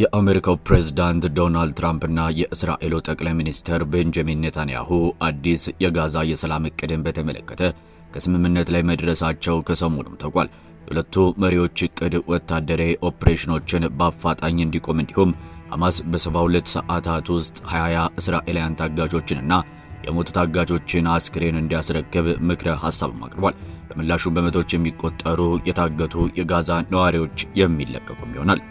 የአሜሪካው ፕሬዝዳንት ዶናልድ ትራምፕና የእስራኤሉ ጠቅላይ ሚኒስትር ቤንጃሚን ኔታንያሁ አዲስ የጋዛ የሰላም እቅድን በተመለከተ ከስምምነት ላይ መድረሳቸው ከሰሞኑም ታውቋል። የሁለቱ መሪዎች እቅድ ወታደራዊ ኦፕሬሽኖችን በአፋጣኝ እንዲቆም እንዲሁም ሐማስ በ72 ሰዓታት ውስጥ 20 እስራኤላውያን ታጋቾችንና የሞቱ ታጋቾችን አስክሬን እንዲያስረክብ ምክረ ሐሳብም አቅርቧል። በምላሹም በመቶዎች የሚቆጠሩ የታገቱ የጋዛ ነዋሪዎች የሚለቀቁም ይሆናል።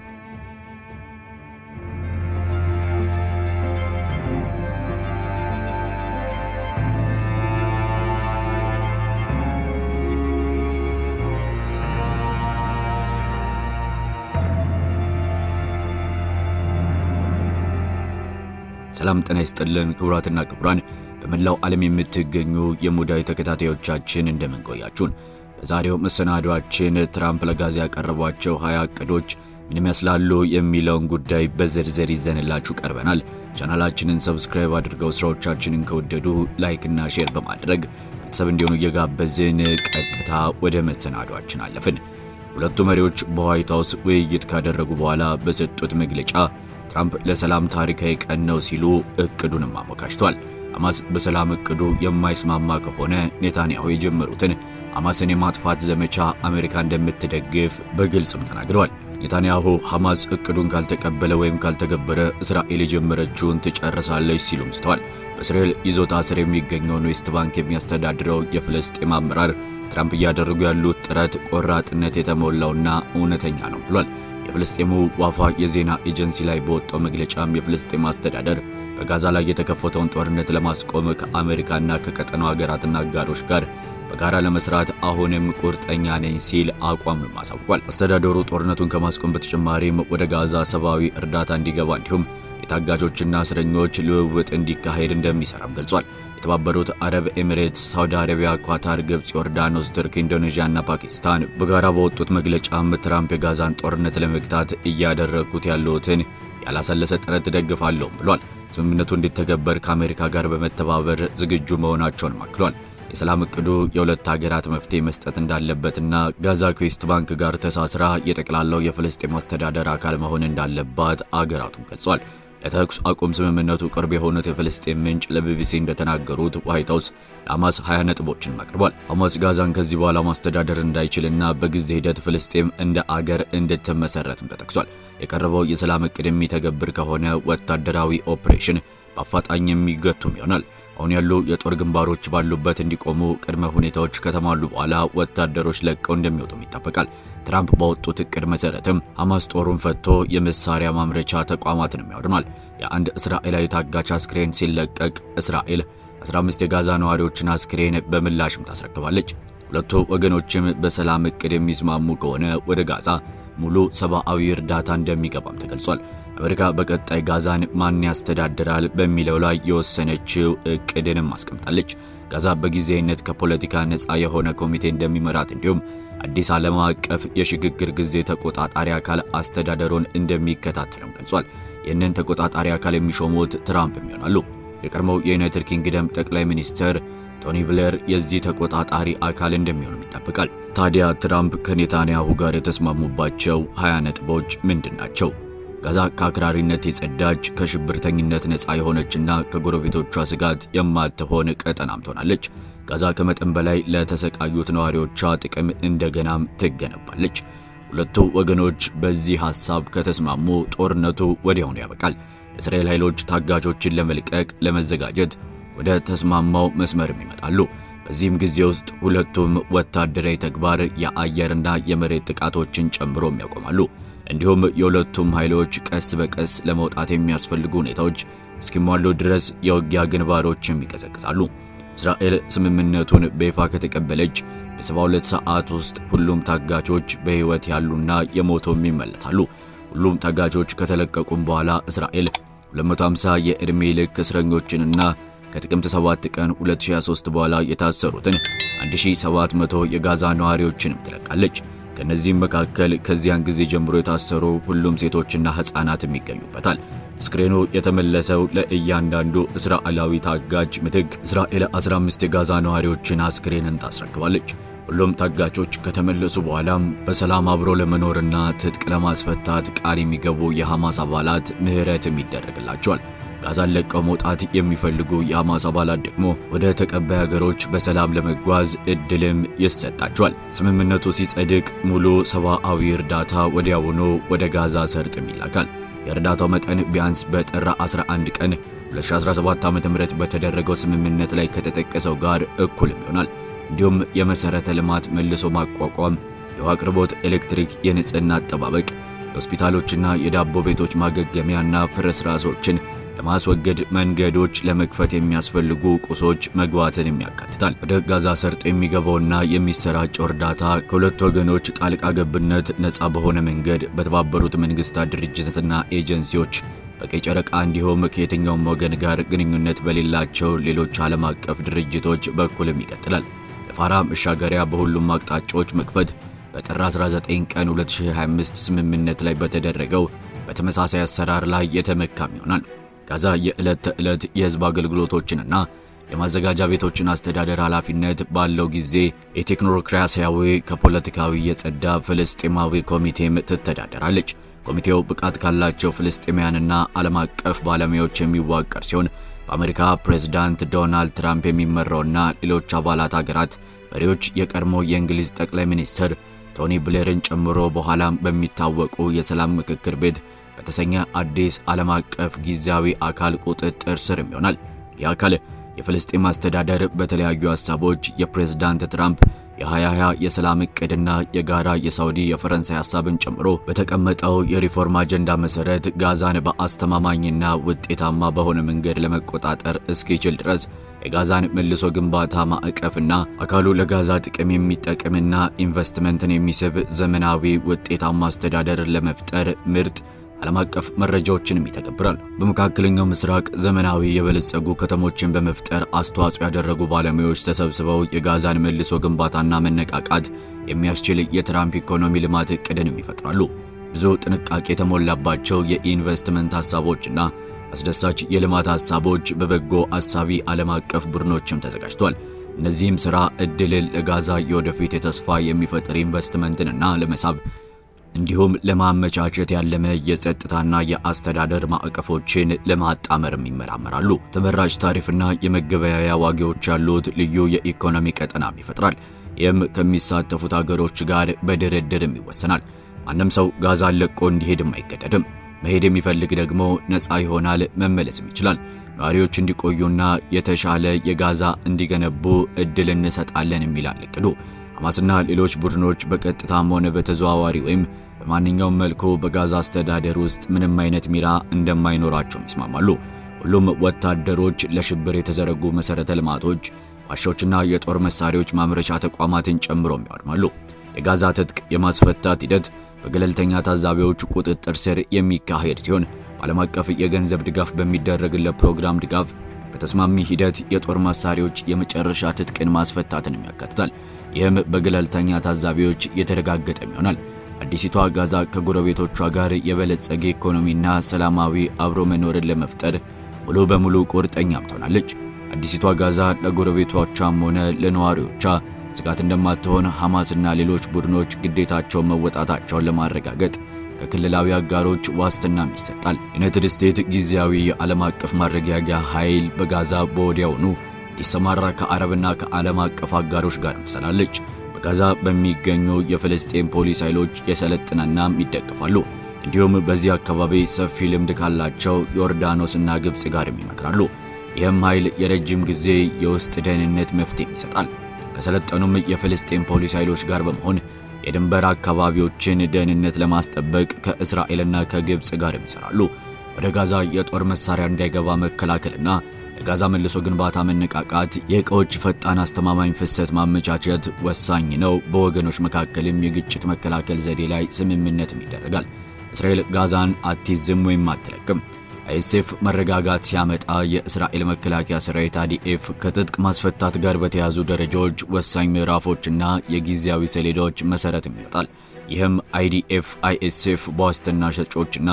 ሰላም ጤና ይስጥልን ክቡራትና ክቡራን በመላው ዓለም የምትገኙ የሙዳይ ተከታታዮቻችን እንደምንቆያችሁን። በዛሬው መሰናዷችን ትራምፕ ለጋዛ ያቀረቧቸው ሀያ እቅዶች ምን ይመስላሉ የሚለውን ጉዳይ በዝርዝር ይዘንላችሁ ቀርበናል። ቻናላችንን ሰብስክራይብ አድርገው ስራዎቻችንን ከወደዱ ላይክና ሼር በማድረግ ቤተሰብ እንዲሆኑ እየጋበዝን ቀጥታ ወደ መሰናዷችን አለፍን። ሁለቱ መሪዎች በዋይት ሀውስ ውይይት ካደረጉ በኋላ በሰጡት መግለጫ ትራምፕ ለሰላም ታሪካዊ ቀን ነው ሲሉ እቅዱንም አሞካሽቷል። ሐማስ በሰላም እቅዱ የማይስማማ ከሆነ ኔታንያሁ የጀመሩትን ሐማስን የማጥፋት ዘመቻ አሜሪካ እንደምትደግፍ በግልጽም ተናግረዋል። ኔታንያሁ ሐማስ እቅዱን ካልተቀበለ ወይም ካልተገበረ እስራኤል የጀመረችውን ትጨርሳለች ሲሉም ዝተዋል። በእስራኤል ይዞታ ስር የሚገኘውን ዌስት ባንክ የሚያስተዳድረው የፍልስጤም አመራር ትራምፕ እያደረጉ ያሉት ጥረት ቆራጥነት የተሞላውና እውነተኛ ነው ብሏል። የፍልስጤሙ ዋፋ የዜና ኤጀንሲ ላይ በወጣው መግለጫም የፍልስጤም አስተዳደር በጋዛ ላይ የተከፈተውን ጦርነት ለማስቆም ከአሜሪካና ከቀጠናው ሀገራትና አጋሮች ጋር በጋራ ለመስራት አሁንም ቁርጠኛ ነኝ ሲል አቋም አሳውቋል። አስተዳደሩ ጦርነቱን ከማስቆም በተጨማሪም ወደ ጋዛ ሰብአዊ እርዳታ እንዲገባ እንዲሁም የታጋቾችና እስረኞች ልውውጥ እንዲካሄድ እንደሚሰራም ገልጿል። የተባበሩት አረብ ኤሚሬትስ፣ ሳውዲ አረቢያ፣ ኳታር፣ ግብፅ፣ ዮርዳኖስ፣ ቱርክ፣ ኢንዶኔዥያ እና ፓኪስታን በጋራ በወጡት መግለጫም ትራምፕ የጋዛን ጦርነት ለመግታት እያደረግኩት ያለሁትን ያላሰለሰ ጥረት እደግፋለሁም ብሏል። ስምምነቱ እንዲተገበር ከአሜሪካ ጋር በመተባበር ዝግጁ መሆናቸውን አክሏል። የሰላም እቅዱ የሁለት ሀገራት መፍትሄ መስጠት እንዳለበትና ጋዛ ከዌስት ባንክ ጋር ተሳስራ የጠቅላላው የፍልስጤም አስተዳደር አካል መሆን እንዳለባት አገራቱን ገልጿል። የተኩስ አቁም ስምምነቱ ቅርብ የሆኑት የፍልስጤን ምንጭ ለቢቢሲ እንደተናገሩት ዋይት ሀውስ ለሐማስ 20 ነጥቦችን አቅርቧል። ሐማስ ጋዛን ከዚህ በኋላ ማስተዳደር እንዳይችልና በጊዜ ሂደት ፍልስጤም እንደ አገር እንድትመሰረትም ተጠቅሷል። የቀረበው የሰላም እቅድ የሚተገብር ከሆነ ወታደራዊ ኦፕሬሽን በአፋጣኝ የሚገቱም ይሆናል። አሁን ያሉ የጦር ግንባሮች ባሉበት እንዲቆሙ ቅድመ ሁኔታዎች ከተሟሉ በኋላ ወታደሮች ለቀው እንደሚወጡም ይጠበቃል። ትራምፕ በወጡት እቅድ መሰረትም ሐማስ ጦሩን ፈቶ የመሳሪያ ማምረቻ ተቋማትንም ያወድማል። የአንድ እስራኤላዊ ታጋች አስክሬን ሲለቀቅ እስራኤል 15 የጋዛ ነዋሪዎችን አስክሬን በምላሽም ታስረክባለች። ሁለቱ ወገኖችም በሰላም እቅድ የሚስማሙ ከሆነ ወደ ጋዛ ሙሉ ሰብአዊ እርዳታ እንደሚገባም ተገልጿል። አሜሪካ በቀጣይ ጋዛን ማን ያስተዳድራል በሚለው ላይ የወሰነችው እቅድንም አስቀምጣለች። ጋዛ በጊዜያዊነት ከፖለቲካ ነፃ የሆነ ኮሚቴ እንደሚመራት እንዲሁም አዲስ ዓለም አቀፍ የሽግግር ጊዜ ተቆጣጣሪ አካል አስተዳደሩን እንደሚከታተልም ገልጿል። ይህንን ተቆጣጣሪ አካል የሚሾሙት ትራምፕም ይሆናሉ። የቀድሞው የዩናይትድ ኪንግደም ጠቅላይ ሚኒስትር ቶኒ ብለር የዚህ ተቆጣጣሪ አካል እንደሚሆኑም ይጠበቃል። ታዲያ ትራምፕ ከኔታንያሁ ጋር የተስማሙባቸው 20 ነጥቦች ምንድን ናቸው? ጋዛ ከአክራሪነት የጸዳች ከሽብርተኝነት ነፃ የሆነችና ከጎረቤቶቿ ስጋት የማትሆን ቀጠናም ትሆናለች። ጋዛ ከመጠን በላይ ለተሰቃዩት ነዋሪዎቿ ጥቅም እንደገናም ትገነባለች። ሁለቱ ወገኖች በዚህ ሐሳብ ከተስማሙ ጦርነቱ ወዲያውኑ ያበቃል። እስራኤል ኃይሎች ታጋቾችን ለመልቀቅ ለመዘጋጀት ወደ ተስማማው መስመርም ይመጣሉ። በዚህም ጊዜ ውስጥ ሁለቱም ወታደራዊ ተግባር የአየርና የመሬት ጥቃቶችን ጨምሮም ያቆማሉ። እንዲሁም የሁለቱም ኃይሎች ቀስ በቀስ ለመውጣት የሚያስፈልጉ ሁኔታዎች እስኪሟሉ ድረስ የውጊያ ግንባሮችም ይቀዘቅዛሉ። እስራኤል ስምምነቱን በይፋ ከተቀበለች በ72 ሰዓት ውስጥ ሁሉም ታጋቾች በሕይወት ያሉና የሞቶም ይመለሳሉ። ሁሉም ታጋቾች ከተለቀቁም በኋላ እስራኤል 250 የዕድሜ ልክ እስረኞችንና ከጥቅምት 7 ቀን 2023 በኋላ የታሰሩትን 1700 የጋዛ ነዋሪዎችንም ትለቃለች። ከእነዚህም መካከል ከዚያን ጊዜ ጀምሮ የታሰሩ ሁሉም ሴቶችና ሕፃናትም ይገኙበታል። አስክሬኑ የተመለሰው ለእያንዳንዱ እስራኤላዊ ታጋጅ ምትክ እስራኤል 15 የጋዛ ነዋሪዎችን አስክሬንን ታስረክባለች። ሁሉም ታጋቾች ከተመለሱ በኋላም በሰላም አብሮ ለመኖርና ትጥቅ ለማስፈታት ቃል የሚገቡ የሐማስ አባላት ምህረት የሚደረግላቸዋል። ጋዛን ለቀው መውጣት የሚፈልጉ የሐማስ አባላት ደግሞ ወደ ተቀባይ ሀገሮች በሰላም ለመጓዝ እድልም ይሰጣቸዋል። ስምምነቱ ሲጸድቅ ሙሉ ሰብአዊ እርዳታ ወዲያውኑ ወደ ጋዛ ሰርጥም ይላካል። የእርዳታው መጠን ቢያንስ በጥር 11 ቀን 2017 ዓ.ም በተደረገው ስምምነት ላይ ከተጠቀሰው ጋር እኩልም ይሆናል። እንዲሁም የመሠረተ ልማት መልሶ ማቋቋም፣ የውሃ አቅርቦት፣ ኤሌክትሪክ፣ የንጽህና አጠባበቅ፣ የሆስፒታሎችና የዳቦ ቤቶች ማገገሚያና ፍርስራሾችን። ለማስወገድ መንገዶች ለመክፈት የሚያስፈልጉ ቁሶች መግባትን የሚያካትታል። ወደ ጋዛ ሰርጥ የሚገባውና የሚሰራጨው እርዳታ ከሁለት ወገኖች ጣልቃ ገብነት ነፃ በሆነ መንገድ በተባበሩት መንግስታት ድርጅትና ኤጀንሲዎች በቀይ ጨረቃ እንዲሁም ከየትኛውም ወገን ጋር ግንኙነት በሌላቸው ሌሎች ዓለም አቀፍ ድርጅቶች በኩልም ይቀጥላል። ለፋራ መሻገሪያ በሁሉም አቅጣጫዎች መክፈት በጥር 19 ቀን 2025 ስምምነት ላይ በተደረገው በተመሳሳይ አሰራር ላይ የተመካም ይሆናል። ጋዛ የዕለት ተዕለት የሕዝብ አገልግሎቶችንና የማዘጋጃ ቤቶችን አስተዳደር ኃላፊነት ባለው ጊዜ የቴክኖክራሲያዊ ከፖለቲካዊ የጸዳ ፍልስጤማዊ ኮሚቴም ትተዳደራለች። ኮሚቴው ብቃት ካላቸው ፍልስጤማውያንና ዓለም አቀፍ ባለሙያዎች የሚዋቀር ሲሆን በአሜሪካ ፕሬዝዳንት ዶናልድ ትራምፕ የሚመራውና ሌሎች አባላት አገራት መሪዎች የቀድሞ የእንግሊዝ ጠቅላይ ሚኒስትር ቶኒ ብሌርን ጨምሮ በኋላም በሚታወቁ የሰላም ምክክር ቤት በተሰኘ አዲስ ዓለም አቀፍ ጊዜያዊ አካል ቁጥጥር ስርም ይሆናል። ይህ አካል የፍልስጤም አስተዳደር በተለያዩ ሀሳቦች የፕሬዝዳንት ትራምፕ የ2020 የሰላም እቅድና የጋራ የሳውዲ የፈረንሳይ ሀሳብን ጨምሮ በተቀመጠው የሪፎርም አጀንዳ መሰረት ጋዛን በአስተማማኝና ውጤታማ በሆነ መንገድ ለመቆጣጠር እስኪችል ድረስ የጋዛን መልሶ ግንባታ ማዕቀፍና አካሉ ለጋዛ ጥቅም የሚጠቅምና ኢንቨስትመንትን የሚስብ ዘመናዊ ውጤታማ አስተዳደር ለመፍጠር ምርጥ ዓለም አቀፍ መረጃዎችንም ይተገብራል። በመካከለኛው ምስራቅ ዘመናዊ የበለጸጉ ከተሞችን በመፍጠር አስተዋጽኦ ያደረጉ ባለሙያዎች ተሰብስበው የጋዛን መልሶ ግንባታና መነቃቃት የሚያስችል የትራምፕ ኢኮኖሚ ልማት እቅድንም ይፈጥራሉ። ብዙ ጥንቃቄ የተሞላባቸው የኢንቨስትመንት ሐሳቦችና አስደሳች የልማት ሐሳቦች በበጎ አሳቢ ዓለም አቀፍ ቡድኖችም ተዘጋጅቷል። እነዚህም ሥራ ዕድልን ለጋዛ የወደፊት የተስፋ የሚፈጥር ኢንቨስትመንትንና ለመሳብ እንዲሁም ለማመቻቸት ያለመ የጸጥታና የአስተዳደር ማዕቀፎችን ለማጣመርም ይመራመራሉ። ተመራጭ ታሪፍና የመገበያያ ዋጋዎች ያሉት ልዩ የኢኮኖሚ ቀጠናም ይፈጥራል። ይህም ከሚሳተፉት አገሮች ጋር በድርድርም ይወሰናል። ማንም ሰው ጋዛን ለቆ እንዲሄድም አይገደድም። መሄድ የሚፈልግ ደግሞ ነፃ ይሆናል፣ መመለስም ይችላል። ነዋሪዎች እንዲቆዩና የተሻለ የጋዛ እንዲገነቡ እድል እንሰጣለን የሚላል እቅዱ። ሐማስና ሌሎች ቡድኖች በቀጥታም ሆነ በተዘዋዋሪ ወይም በማንኛውም መልኩ በጋዛ አስተዳደር ውስጥ ምንም አይነት ሚና እንደማይኖራቸውም ይስማማሉ። ሁሉም ወታደሮች ለሽብር የተዘረጉ መሠረተ ልማቶች፣ ዋሻዎችና የጦር መሳሪያዎች ማምረቻ ተቋማትን ጨምሮም ያወድማሉ። የጋዛ ትጥቅ የማስፈታት ሂደት በገለልተኛ ታዛቢዎች ቁጥጥር ስር የሚካሄድ ሲሆን በዓለም አቀፍ የገንዘብ ድጋፍ በሚደረግለት ፕሮግራም ድጋፍ በተስማሚ ሂደት የጦር መሳሪያዎች የመጨረሻ ትጥቅን ማስፈታትንም ያካትታል። ይህም በገለልተኛ ታዛቢዎች የተረጋገጠም ይሆናል። አዲሲቷ ጋዛ ከጎረቤቶቿ ጋር የበለጸገ ኢኮኖሚና ሰላማዊ አብሮ መኖርን ለመፍጠር ሙሉ በሙሉ ቁርጠኛ ትሆናለች። አዲሲቷ ጋዛ ለጎረቤቶቿም ሆነ ለነዋሪዎቿ ስጋት እንደማትሆን ሐማስና ሌሎች ቡድኖች ግዴታቸውን መወጣታቸውን ለማረጋገጥ ከክልላዊ አጋሮች ዋስትናም ይሰጣል። ዩናይትድ ስቴትስ ጊዜያዊ የዓለም አቀፍ ማረጋጊያ ኃይል በጋዛ በወዲያውኑ እንዲሰማራ ከአረብና ከዓለም አቀፍ አጋሮች ጋር ትሰራለች። ጋዛ በሚገኙ የፍልስጤም ፖሊስ ኃይሎች የሰለጥነናም ይደግፋሉ። እንዲሁም በዚህ አካባቢ ሰፊ ልምድ ካላቸው ዮርዳኖስና ግብፅ ጋርም ይመክራሉ። ይህም ኃይል የረጅም ጊዜ የውስጥ ደህንነት መፍትሄም ይሰጣል። ከሰለጠኑም የፍልስጤም ፖሊስ ኃይሎች ጋር በመሆን የድንበር አካባቢዎችን ደህንነት ለማስጠበቅ ከእስራኤልና ከግብፅ ጋርም ይሰራሉ። ወደ ጋዛ የጦር መሳሪያ እንዳይገባ መከላከልና ለጋዛ መልሶ ግንባታ መነቃቃት የእቃዎች ፈጣን አስተማማኝ ፍሰት ማመቻቸት ወሳኝ ነው። በወገኖች መካከልም የግጭት መከላከል ዘዴ ላይ ስምምነትም ይደረጋል። እስራኤል ጋዛን አትይዝም ወይም አትለቅም። አይኤስኤፍ መረጋጋት ሲያመጣ የእስራኤል መከላከያ ሰራዊት አዲኤፍ ከትጥቅ ማስፈታት ጋር በተያዙ ደረጃዎች ወሳኝ ምዕራፎችና የጊዜያዊ ሰሌዳዎች መሠረትም ይወጣል። ይህም አይዲኤፍ አይኤስኤፍ በዋስትና ሸጮችና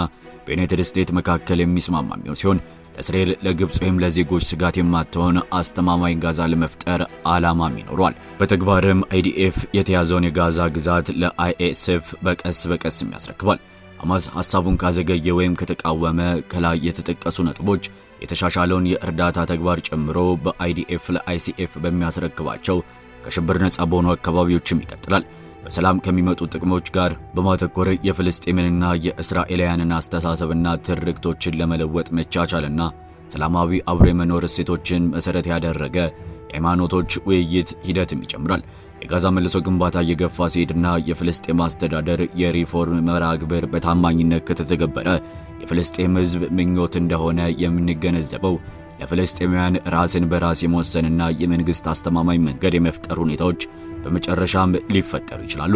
በዩናይትድ ስቴትስ መካከል የሚስማማ ሲሆን እስራኤል ለግብፅ ወይም ለዜጎች ስጋት የማትሆን አስተማማኝ ጋዛ ለመፍጠር ዓላማም ይኖሯል። በተግባርም አይዲኤፍ የተያዘውን የጋዛ ግዛት ለአይኤስኤፍ በቀስ በቀስም ያስረክባል። ሐማስ ሐሳቡን ካዘገየ ወይም ከተቃወመ ከላይ የተጠቀሱ ነጥቦች የተሻሻለውን የእርዳታ ተግባር ጨምሮ በአይዲኤፍ ለአይሲኤፍ በሚያስረክባቸው ከሽብር ነጻ በሆኑ አካባቢዎችም ይቀጥላል። በሰላም ከሚመጡ ጥቅሞች ጋር በማተኮር የፍልስጤምንና የእስራኤላውያንን አስተሳሰብና ትርክቶችን ለመለወጥ መቻቻልና ሰላማዊ አብሮ የመኖር እሴቶችን መሰረት ያደረገ የሃይማኖቶች ውይይት ሂደትም ይጨምራል። የጋዛ መልሶ ግንባታ እየገፋ ሲሄድና የፍልስጤም አስተዳደር የሪፎርም መርሃ ግብር በታማኝነት ከተተገበረ የፍልስጤም ሕዝብ ምኞት እንደሆነ የምንገነዘበው ለፍልስጤማውያን ራስን በራስ የመወሰንና የመንግስት አስተማማኝ መንገድ የመፍጠር ሁኔታዎች በመጨረሻም ሊፈጠሩ ይችላሉ።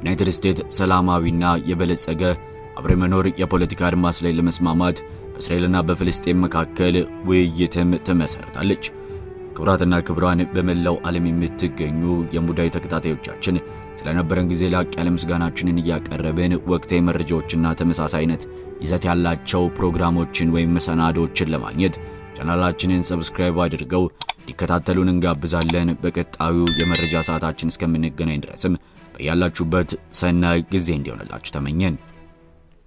ዩናይትድ ስቴትስ ሰላማዊና የበለጸገ አብሬ መኖር የፖለቲካ አድማስ ላይ ለመስማማት በእስራኤልና በፍልስጤም መካከል ውይይትም ትመሰርታለች። ክብራትና ክብራን በመላው ዓለም የምትገኙ የሙዳይ ተከታታዮቻችን ስለነበረን ጊዜ ላቅ ያለ ምስጋናችንን እያቀረብን ወቅታዊ መረጃዎችና ተመሳሳይነት ይዘት ያላቸው ፕሮግራሞችን ወይም መሰናዶችን ለማግኘት ቻናላችንን ሰብስክራይብ አድርገው እንዲከታተሉን እንጋብዛለን። በቀጣዩ የመረጃ ሰዓታችን እስከምንገናኝ ድረስም በያላችሁበት ሰናይ ጊዜ እንዲሆንላችሁ ተመኘን።